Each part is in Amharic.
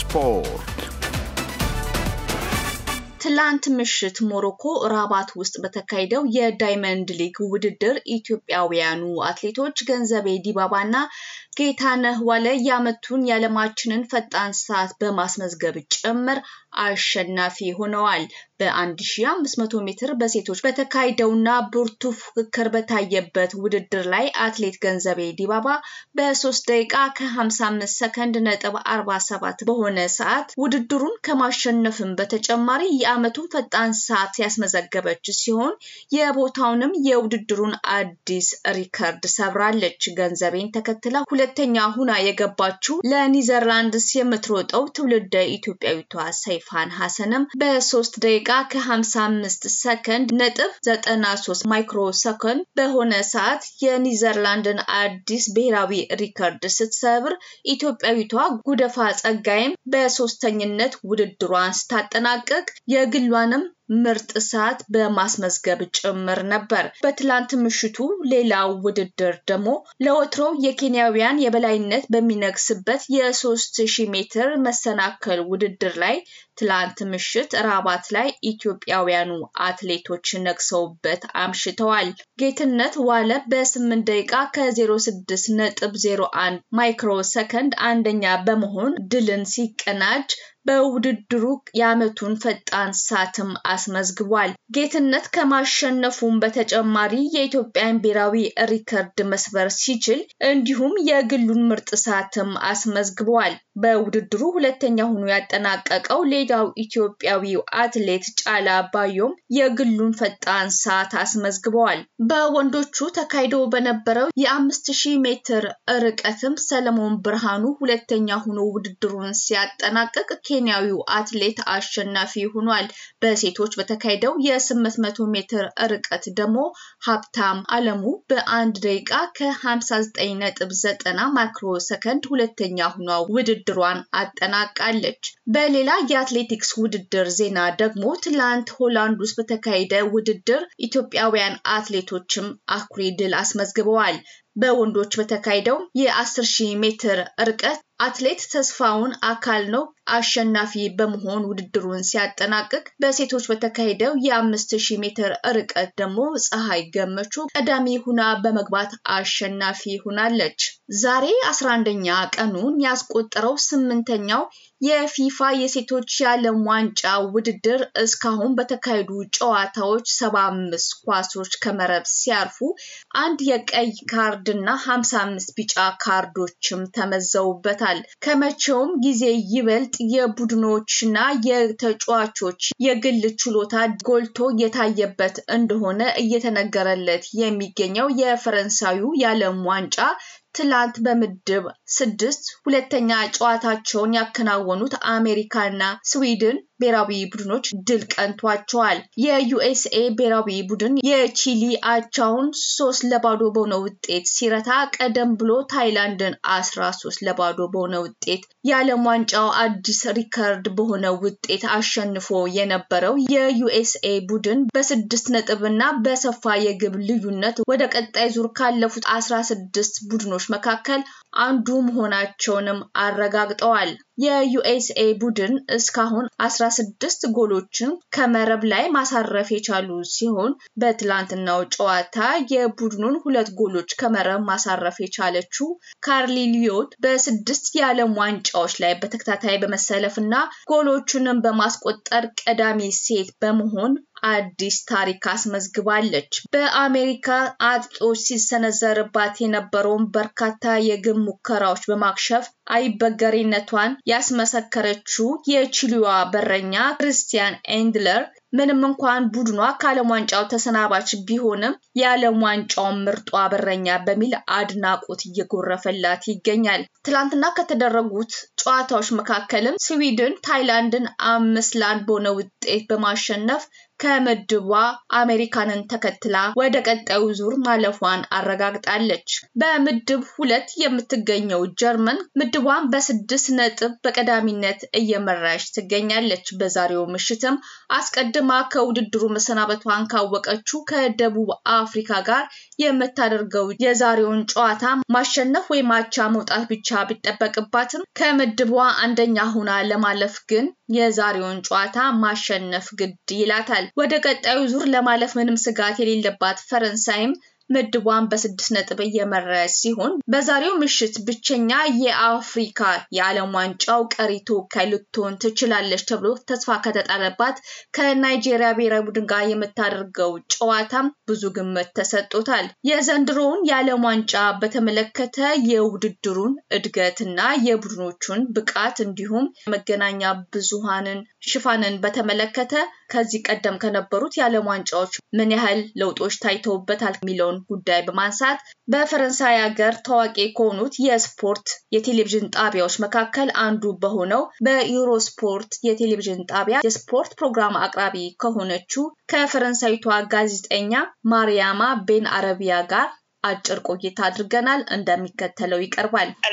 ስፖርት ትላንት ምሽት ሞሮኮ ራባት ውስጥ በተካሄደው የዳይመንድ ሊግ ውድድር ኢትዮጵያውያኑ አትሌቶች ገንዘቤ ዲባባና ጌታነህ ዋለ የዓመቱን የዓለማችንን ፈጣን ሰዓት በማስመዝገብ ጭምር አሸናፊ ሆነዋል። በ1500 ሜትር በሴቶች በተካሄደውና ብርቱ ፉክክር በታየበት ውድድር ላይ አትሌት ገንዘቤ ዲባባ በ3 ደቂቃ ከ55 ሰከንድ ነጥብ 47 በሆነ ሰዓት ውድድሩን ከማሸነፍም በተጨማሪ የዓመቱን ፈጣን ሰዓት ያስመዘገበች ሲሆን የቦታውንም የውድድሩን አዲስ ሪከርድ ሰብራለች። ገንዘቤን ተከትላ ሁለተኛ ሁና የገባችው ለኒዘርላንድስ የምትሮጠው ትውልደ ኢትዮጵያዊቷ ሰይፋን ሀሰንም በሶስት ደቂቃ ከ55 ሰከንድ ነጥብ 93 ማይክሮ ሰከንድ በሆነ ሰዓት የኒዘርላንድን አዲስ ብሔራዊ ሪከርድ ስትሰብር ኢትዮጵያዊቷ ጉደፋ ጸጋይም በሶስተኝነት ውድድሯን ስታጠናቀቅ የግሏንም ምርጥ ሰዓት በማስመዝገብ ጭምር ነበር። በትላንት ምሽቱ ሌላው ውድድር ደግሞ ለወትሮው የኬንያውያን የበላይነት በሚነግስበት የ3000 ሜትር መሰናከል ውድድር ላይ ትላንት ምሽት ራባት ላይ ኢትዮጵያውያኑ አትሌቶች ነግሰውበት አምሽተዋል። ጌትነት ዋለ በ8 ደቂቃ ከ06.01 ማይክሮ ሰከንድ አንደኛ በመሆን ድልን ሲቀናጅ በውድድሩ የዓመቱን ፈጣን ሰዓትም አስመዝግቧል። ጌትነት ከማሸነፉም በተጨማሪ የኢትዮጵያን ብሔራዊ ሪከርድ መስበር ሲችል እንዲሁም የግሉን ምርጥ ሰዓትም አስመዝግቧል። በውድድሩ ሁለተኛ ሆኖ ያጠናቀቀው ሌላው ኢትዮጵያዊው አትሌት ጫላ አባዮም የግሉን ፈጣን ሰዓት አስመዝግበዋል። በወንዶቹ ተካሂዶ በነበረው የ5000 ሜትር ርቀትም ሰለሞን ብርሃኑ ሁለተኛ ሆኖ ውድድሩን ሲያጠናቅቅ ኬንያዊው አትሌት አሸናፊ ሆኗል። በሴቶች በተካሄደው የ800 ሜትር ርቀት ደግሞ ሀብታም አለሙ በአንድ ደቂቃ ከ59.90 ማይክሮ ሰከንድ ሁለተኛ ሆኗ ውድድሯን አጠናቃለች። በሌላ የአትሌቲክስ ውድድር ዜና ደግሞ ትላንት ሆላንድ ውስጥ በተካሄደ ውድድር ኢትዮጵያውያን አትሌቶችም አኩሪ ድል አስመዝግበዋል። በወንዶች በተካሄደው የ10 ሺህ ሜትር ርቀት አትሌት ተስፋውን አካል ነው አሸናፊ በመሆን ውድድሩን ሲያጠናቅቅ በሴቶች በተካሄደው የ5000 ሜትር ርቀት ደግሞ ፀሐይ ገመቹ ቀዳሚ ሁና በመግባት አሸናፊ ሆናለች። ዛሬ 11ኛ ቀኑን ያስቆጠረው ስምንተኛው የፊፋ የሴቶች የዓለም ዋንጫ ውድድር እስካሁን በተካሄዱ ጨዋታዎች 75 ኳሶች ከመረብ ሲያርፉ አንድ የቀይ ካርድ እና 55 ቢጫ ካርዶችም ተመዘውበታል። ከመቼውም ጊዜ ይበልጥ ይበልጥ የቡድኖችና የተጫዋቾች የግል ችሎታ ጎልቶ የታየበት እንደሆነ እየተነገረለት የሚገኘው የፈረንሳዩ የዓለም ዋንጫ ትላንት በምድብ ስድስት ሁለተኛ ጨዋታቸውን ያከናወኑት አሜሪካና ስዊድን ብሔራዊ ቡድኖች ድል ቀንቷቸዋል። የዩኤስኤ ብሔራዊ ቡድን የቺሊ አቻውን ሶስት ለባዶ በሆነ ውጤት ሲረታ ቀደም ብሎ ታይላንድን አስራ ሶስት ለባዶ በሆነ ውጤት የዓለም ዋንጫው አዲስ ሪከርድ በሆነ ውጤት አሸንፎ የነበረው የዩኤስኤ ቡድን በስድስት ነጥብና በሰፋ የግብ ልዩነት ወደ ቀጣይ ዙር ካለፉት አስራ ስድስት ቡድኖች መካከል አንዱ መሆናቸውንም አረጋግጠዋል። የዩኤስኤ ቡድን እስካሁን 16 ጎሎችን ከመረብ ላይ ማሳረፍ የቻሉ ሲሆን በትላንትናው ጨዋታ የቡድኑን ሁለት ጎሎች ከመረብ ማሳረፍ የቻለችው ካርሊ ሊዮት በስድስት የዓለም ዋንጫዎች ላይ በተከታታይ በመሰለፍ እና ጎሎቹንም በማስቆጠር ቀዳሚ ሴት በመሆን አዲስ ታሪክ አስመዝግባለች። በአሜሪካ አጥቂዎች ሲሰነዘርባት የነበረውን በርካታ የግብ ሙከራዎች በማክሸፍ አይበገሬነቷን ያስመሰከረችው የቺሊዋ በረኛ ክርስቲያን ኤንድለር ምንም እንኳን ቡድኗ ከዓለም ዋንጫው ተሰናባች ቢሆንም የዓለም ዋንጫውን ምርጧ በረኛ በሚል አድናቆት እየጎረፈላት ይገኛል። ትላንትና ከተደረጉት ጨዋታዎች መካከልም ስዊድን ታይላንድን አምስት ለአንድ በሆነ ውጤት በማሸነፍ ከምድቧ አሜሪካንን ተከትላ ወደ ቀጣዩ ዙር ማለፏን አረጋግጣለች። በምድብ ሁለት የምትገኘው ጀርመን ምድቧን በስድስት ነጥብ በቀዳሚነት እየመራች ትገኛለች። በዛሬው ምሽትም አስቀድማ ከውድድሩ መሰናበቷን ካወቀችው ከደቡብ አፍሪካ ጋር የምታደርገው የዛሬውን ጨዋታ ማሸነፍ ወይም አቻ መውጣት ብቻ ቢጠበቅባትም ከምድቧ አንደኛ ሁና ለማለፍ ግን የዛሬውን ጨዋታ ማሸነፍ ግድ ይላታል። ወደ ቀጣዩ ዙር ለማለፍ ምንም ስጋት የሌለባት ፈረንሳይም ምድቧን በስድስት ነጥብ እየመራች ሲሆን በዛሬው ምሽት ብቸኛ የአፍሪካ የዓለም ዋንጫው ቀሪ ተወካይ ልትሆን ትችላለች ተብሎ ተስፋ ከተጣለባት ከናይጄሪያ ብሔራዊ ቡድን ጋር የምታደርገው ጨዋታም ብዙ ግምት ተሰጥቶታል። የዘንድሮውን የዓለም ዋንጫ በተመለከተ የውድድሩን እድገትና የቡድኖቹን ብቃት እንዲሁም መገናኛ ብዙሃንን ሽፋንን በተመለከተ ከዚህ ቀደም ከነበሩት የዓለም ዋንጫዎች ምን ያህል ለውጦች ታይተውበታል የሚለውን ጉዳይ በማንሳት በፈረንሳይ ሀገር ታዋቂ ከሆኑት የስፖርት የቴሌቪዥን ጣቢያዎች መካከል አንዱ በሆነው በዩሮስፖርት የቴሌቪዥን ጣቢያ የስፖርት ፕሮግራም አቅራቢ ከሆነችው ከፈረንሳይቷ ጋዜጠኛ ማርያማ ቤን አረቢያ ጋር አጭር ቆይታ አድርገናል፣ እንደሚከተለው ይቀርባል። euh,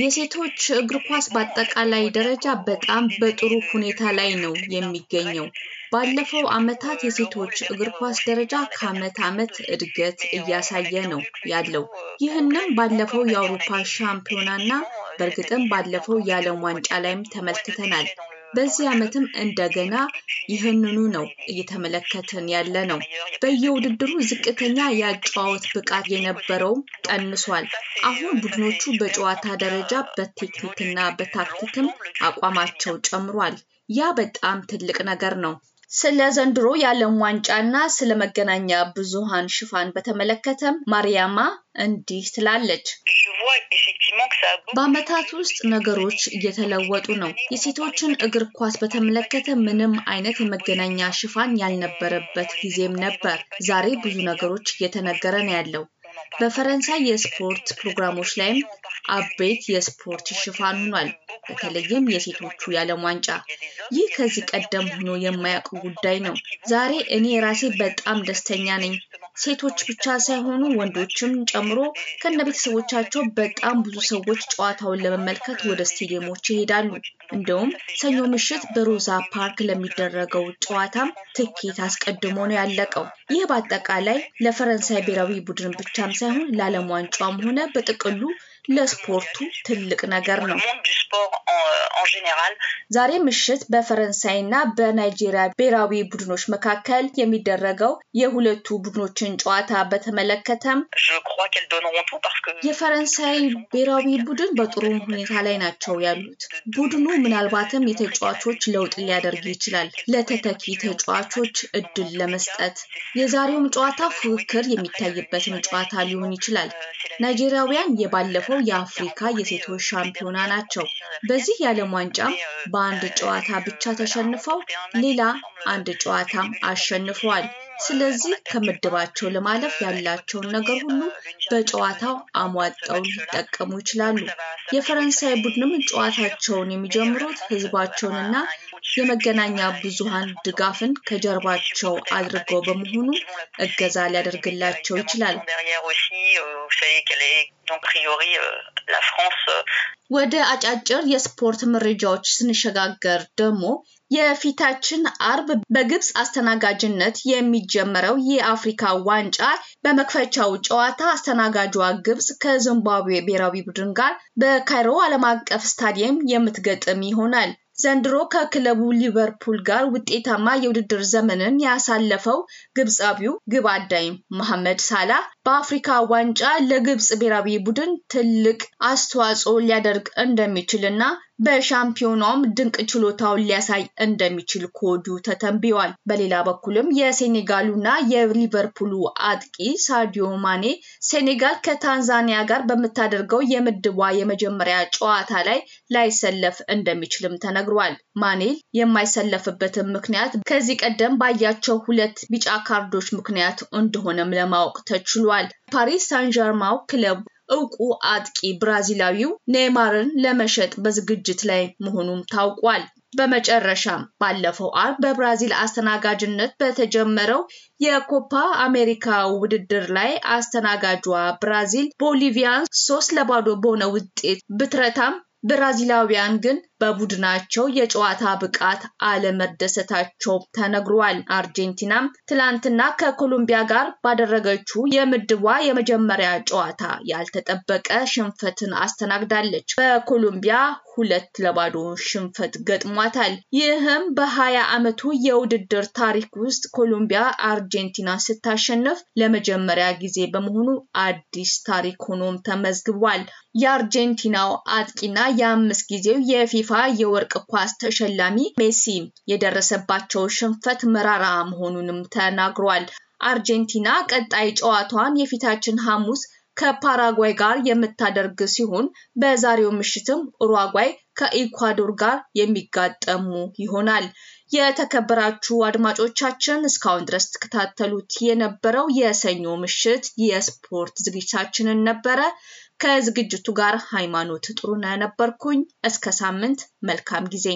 የሴቶች እግር ኳስ በአጠቃላይ ደረጃ በጣም በጥሩ ሁኔታ ላይ ነው የሚገኘው። ባለፈው ዓመታት የሴቶች እግር ኳስ ደረጃ ከዓመት ዓመት እድገት እያሳየ ነው ያለው። ይህንም ባለፈው የአውሮፓ ሻምፒዮናና በእርግጥም ባለፈው የዓለም ዋንጫ ላይም ተመልክተናል። በዚህ ዓመትም እንደገና ይህንኑ ነው እየተመለከትን ያለ ነው። በየውድድሩ ዝቅተኛ የአጨዋወት ብቃት የነበረው ቀንሷል። አሁን ቡድኖቹ በጨዋታ ደረጃ በቴክኒክና በታክቲክም አቋማቸው ጨምሯል። ያ በጣም ትልቅ ነገር ነው። ስለ ዘንድሮ የዓለም ዋንጫና ስለ መገናኛ ብዙሃን ሽፋን በተመለከተም ማርያማ እንዲህ ትላለች። በአመታት ውስጥ ነገሮች እየተለወጡ ነው። የሴቶችን እግር ኳስ በተመለከተ ምንም አይነት የመገናኛ ሽፋን ያልነበረበት ጊዜም ነበር። ዛሬ ብዙ ነገሮች እየተነገረ ነው ያለው። በፈረንሳይ የስፖርት ፕሮግራሞች ላይም አበይት የስፖርት ሽፋን ሆኗል። በተለይም የሴቶቹ የዓለም ዋንጫ። ይህ ከዚህ ቀደም ሆኖ የማያውቅ ጉዳይ ነው። ዛሬ እኔ ራሴ በጣም ደስተኛ ነኝ። ሴቶች ብቻ ሳይሆኑ ወንዶችም ጨምሮ ከነ ቤተሰቦቻቸው በጣም ብዙ ሰዎች ጨዋታውን ለመመልከት ወደ ስቴዲየሞች ይሄዳሉ። እንደውም ሰኞ ምሽት በሮዛ ፓርክ ለሚደረገው ጨዋታም ትኬት አስቀድሞ ነው ያለቀው። ይህ በአጠቃላይ ለፈረንሳይ ብሔራዊ ቡድን ብቻም ሳይሆን ለዓለም ዋንጫም ሆነ በጥቅሉ ለስፖርቱ ትልቅ ነገር ነው። ዛሬ ምሽት በፈረንሳይና በናይጄሪያ ብሔራዊ ቡድኖች መካከል የሚደረገው የሁለቱ ቡድኖችን ጨዋታ በተመለከተም የፈረንሳይ ብሔራዊ ቡድን በጥሩ ሁኔታ ላይ ናቸው ያሉት። ቡድኑ ምናልባትም የተጫዋቾች ለውጥ ሊያደርግ ይችላል፣ ለተተኪ ተጫዋቾች እድል ለመስጠት። የዛሬውም ጨዋታ ፉክክር የሚታይበትም ጨዋታ ሊሆን ይችላል። ናይጄሪያውያን የባለፈው ባለፈው የአፍሪካ የሴቶች ሻምፒዮና ናቸው። በዚህ የዓለም ዋንጫም በአንድ ጨዋታ ብቻ ተሸንፈው ሌላ አንድ ጨዋታም አሸንፈዋል። ስለዚህ ከምድባቸው ለማለፍ ያላቸውን ነገር ሁሉ በጨዋታው አሟጠው ሊጠቀሙ ይችላሉ። የፈረንሳይ ቡድንም ጨዋታቸውን የሚጀምሩት ህዝባቸውንና የመገናኛ ብዙሃን ድጋፍን ከጀርባቸው አድርገው በመሆኑ እገዛ ሊያደርግላቸው ይችላል። ዶን ፕሪዮሪ euh, euh, ወደ አጫጭር የስፖርት መረጃዎች ስንሸጋገር ደግሞ የፊታችን አርብ በግብፅ አስተናጋጅነት የሚጀመረው የአፍሪካ ዋንጫ በመክፈቻው ጨዋታ አስተናጋጇ ግብፅ ከዚምባብዌ ብሔራዊ ቡድን ጋር በካይሮ ዓለም አቀፍ ስታዲየም የምትገጥም ይሆናል። ዘንድሮ ከክለቡ ሊቨርፑል ጋር ውጤታማ የውድድር ዘመንን ያሳለፈው ግብፃዊው ግብ አዳኝ መሐመድ ሳላ በአፍሪካ ዋንጫ ለግብፅ ብሔራዊ ቡድን ትልቅ አስተዋጽኦ ሊያደርግ እንደሚችልና በሻምፒዮኗም ድንቅ ችሎታውን ሊያሳይ እንደሚችል ከወዲሁ ተተንብዋል። በሌላ በኩልም የሴኔጋሉና የሊቨርፑሉ አጥቂ ሳዲዮ ማኔ ሴኔጋል ከታንዛኒያ ጋር በምታደርገው የምድቧ የመጀመሪያ ጨዋታ ላይ ላይሰለፍ እንደሚችልም ተነግሯል። ማኔ የማይሰለፍበትም ምክንያት ከዚህ ቀደም ባያቸው ሁለት ቢጫ ካርዶች ምክንያት እንደሆነም ለማወቅ ተችሏል። ፓሪስ ሳን ክለብ እውቁ አጥቂ ብራዚላዊው ኔይማርን ለመሸጥ በዝግጅት ላይ መሆኑም ታውቋል። በመጨረሻም ባለፈው አርብ በብራዚል አስተናጋጅነት በተጀመረው የኮፓ አሜሪካ ውድድር ላይ አስተናጋጇ ብራዚል ቦሊቪያን ሶስት ለባዶ በሆነ ውጤት ብትረታም ብራዚላውያን ግን በቡድናቸው የጨዋታ ብቃት አለመደሰታቸው ተነግሯል። አርጀንቲናም ትላንትና ከኮሎምቢያ ጋር ባደረገችው የምድቧ የመጀመሪያ ጨዋታ ያልተጠበቀ ሽንፈትን አስተናግዳለች። በኮሎምቢያ ሁለት ለባዶ ሽንፈት ገጥሟታል። ይህም በሀያ ዓመቱ የውድድር ታሪክ ውስጥ ኮሎምቢያ አርጀንቲና ስታሸንፍ ለመጀመሪያ ጊዜ በመሆኑ አዲስ ታሪክ ሆኖም ተመዝግቧል። የአርጀንቲናው አጥቂና የአምስት ጊዜው የፊፋ የወርቅ ኳስ ተሸላሚ ሜሲ የደረሰባቸው ሽንፈት መራራ መሆኑንም ተናግሯል። አርጀንቲና ቀጣይ ጨዋታዋን የፊታችን ሐሙስ ከፓራጓይ ጋር የምታደርግ ሲሆን በዛሬው ምሽትም ኡሩጓይ ከኢኳዶር ጋር የሚጋጠሙ ይሆናል። የተከበራችሁ አድማጮቻችን እስካሁን ድረስ ተከታተሉት የነበረው የሰኞ ምሽት የስፖርት ዝግጅታችንን ነበረ። ከዝግጅቱ ጋር ሃይማኖት ጥሩነህ ነበርኩኝ። እስከ ሳምንት መልካም ጊዜ